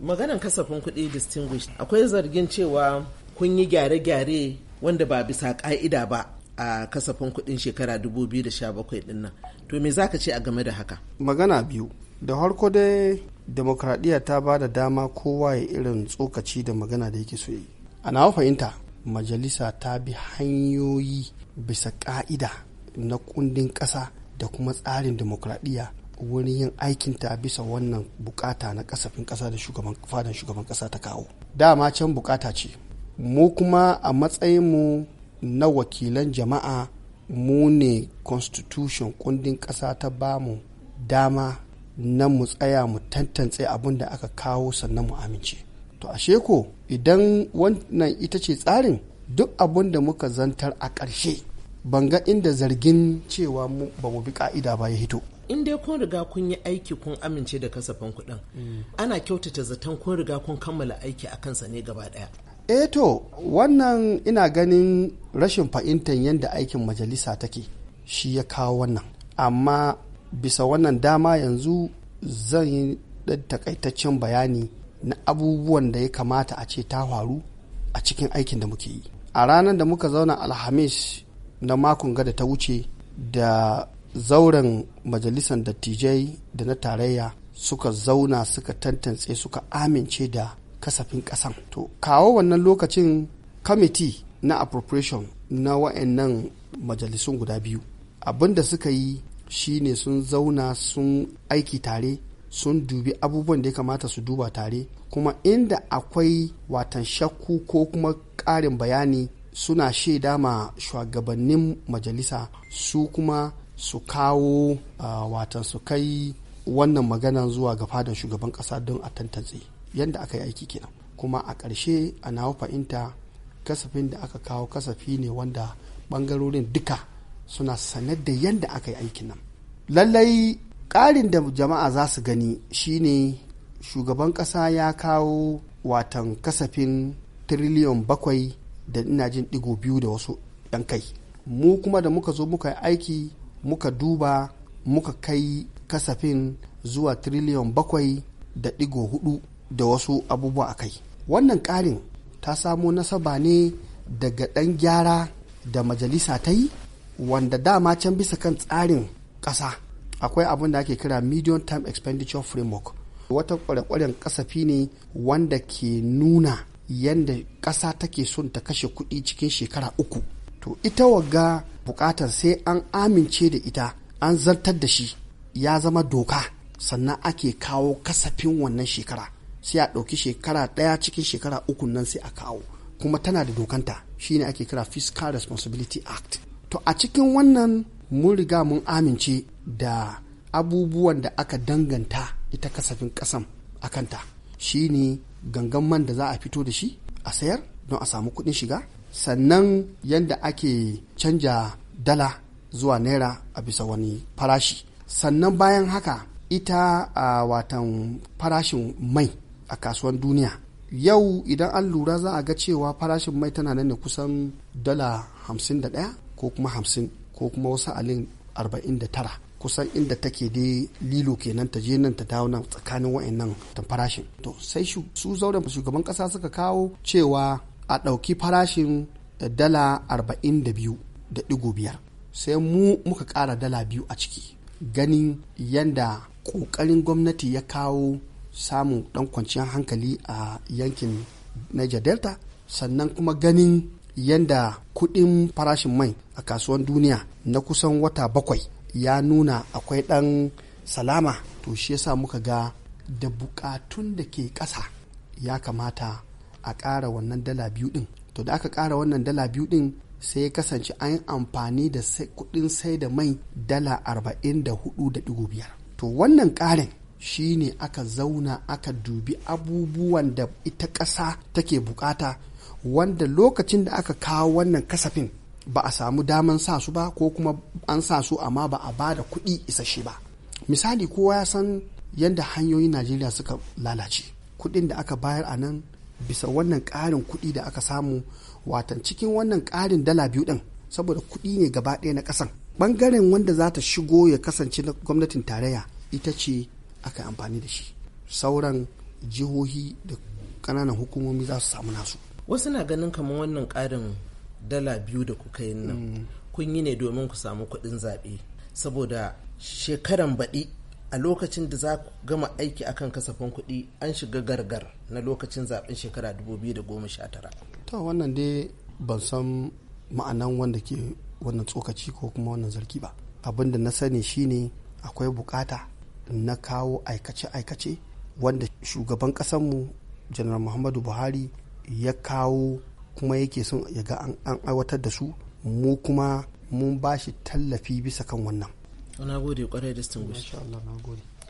maganan kasafin kuɗi distinguished akwai zargin cewa kun yi gyare-gyare wanda ba bisa ka'ida ba a kasafin kuɗin shekara 2017 ɗin nan to me za ka ce a game da haka magana biyu da harko dai demokradiyya ta ba da dama kowa ya irin tsokaci da magana da yake so yi a nawa fahimta majalisa ta bi hanyoyi bisa ƙa'ida na kundin ƙasa da kuma tsarin demokradiyya wurin yin aikinta bisa wannan bukata na kasafin kasa da shugaban fadan shugaban kasa ta kawo dama can bukata ce mu kuma a matsayin mu na wakilan jama'a mu ne constitution kundin kasa ta bamu dama na mu tsaya mu tantance abin da aka kawo sannan mu amince to ashe ko idan wannan ita ce tsarin duk abin da muka zantar a ƙarshe ban ga inda zargin cewa ba mu bi ka'ida ba ya hito in dai kun riga kun yi aiki kun amince da kasafin kuɗin mm. ana kyautata zaton kun riga kun kammala aiki a kansa ne gaba ɗaya eh to wannan ina ganin rashin fahimtar yadda aikin majalisa take shi ya kawo wannan amma bisa wannan dama yanzu zan yi ɗan takaitaccen bayani na abubuwan da ya kamata a ce ta faru a cikin aikin da muke yi a ranar da muka zauna alhamis na makon gada ta wuce da zauren majalisar dattijai da na tarayya suka zauna suka tantance suka amince da kasafin kasan to kawo wannan lokacin kamiti na appropriation na wa'annan majalisun guda biyu abin da suka yi shine sun zauna sun aiki tare sun dubi abubuwan da ya kamata su duba tare kuma inda akwai watan shakku ko kuma ƙarin bayani suna shaida ma shugabannin majalisa su kuma su kawo watan su kai wannan magana zuwa ga fadan shugaban kasa don a tantance yadda aka yi aiki kenan kuma a ƙarshe a nawa fahimta kasafin da aka kawo kasafi ne wanda bangarorin duka suna sanar da yadda aka yi aikin nan lallai ƙarin da jama'a za su gani shine shugaban ƙasa ya kawo watan kasafin tiriliyon bakwai da ina jin ɗigo biyu da wasu ɗan kai mu kuma da muka zo muka yi aiki muka duba muka kai kasafin zuwa triliyon bakwai da digo hudu da wasu abubuwa a kai wannan ƙarin ta samo nasaba ne daga ɗan gyara da majalisa ta yi wanda dama can bisa kan tsarin ƙasa akwai abin da ake kira medium term expenditure framework wata kwarekwaren kasafi ne wanda ke nuna yadda ƙasa take son ta kashe kuɗi cikin shekara uku to ita wagga bukatar sai an amince da ita an zartar da shi ya zama doka sannan ake kawo kasafin wannan shekara sai a ɗauki shekara ɗaya cikin shekara uku nan sai a kawo kuma tana da dokanta shine ake kira fiscal responsibility act to a cikin wannan mun riga mun amince da abubuwan da aka danganta ita kasafin kasan a kanta shine gangan man da za a fito da shi a sayar don a samu kuɗin shiga sannan yadda ake canja dala zuwa naira a bisa wani farashi sannan bayan haka ita a watan farashin mai a kasuwan duniya yau idan an lura za a ga cewa farashin mai tana nan ne kusan dala 51 ko kuma 50 ko kuma wasu alin 49 kusan inda take dai lilo kenan ta je nan ta dawo nan tsakanin wa'annan ta farashin to sai su zauren shugaban kasa suka kawo cewa a ɗauki farashin eh, dala arba'in da da biyu biyar sai mu muka ƙara dala biyu a ciki ganin yadda ƙoƙarin gwamnati ya kawo samun ɗan kwanciyar hankali a yankin niger delta sannan kuma ganin yadda kuɗin farashin mai a kasuwan duniya na kusan wata bakwai ya nuna akwai ɗan salama to shi yasa muka ga da buƙatun da ke ƙasa ya kamata a ƙara wannan dala biyu ɗin to da aka ƙara wannan dala biyu ɗin sai ya kasance an yi amfani da kuɗin sai da mai dala arba'in da hudu da ɗigo biyar to wannan ƙarin shi ne aka zauna aka dubi abubuwan da ita ƙasa take bukata wanda lokacin da aka kawo wannan kasafin ba a samu daman sa su ba ko kuma an sa su amma ba a ba da kuɗi isasshe ba misali kowa ya san yadda hanyoyin najeriya suka lalace kuɗin da aka bayar a nan bisa wannan ƙarin kuɗi da aka samu watan cikin wannan ƙarin dala biyu ɗin saboda kuɗi ne gaba ɗaya na ƙasan ɓangaren wanda za ta shigo ya kasance na gwamnatin tarayya ita ce aka yi amfani da shi sauran jihohi da ƙananan hukumomi za su samu nasu wasu na ganin kamar wannan ƙarin dala biyu da kuka yi nan mm. kun yi ne domin ku samu kuɗin zaɓe saboda shekaran baɗi a lokacin da za ku gama aiki akan kasafin kuɗi an shiga gargar na lokacin zaɓen shekara 2019 to wannan dai ban san ma'anan wanda ke wannan tsokaci ko kuma wannan zargi ba abin da na sani shine akwai bukata na kawo aikace-aikace wanda shugaban kasanmu janar muhammadu buhari ya kawo kuma yake son ya ga an aiwatar da su mu kuma mun ba shi tallafi bisa kan wannan na gode kwarai da distinguished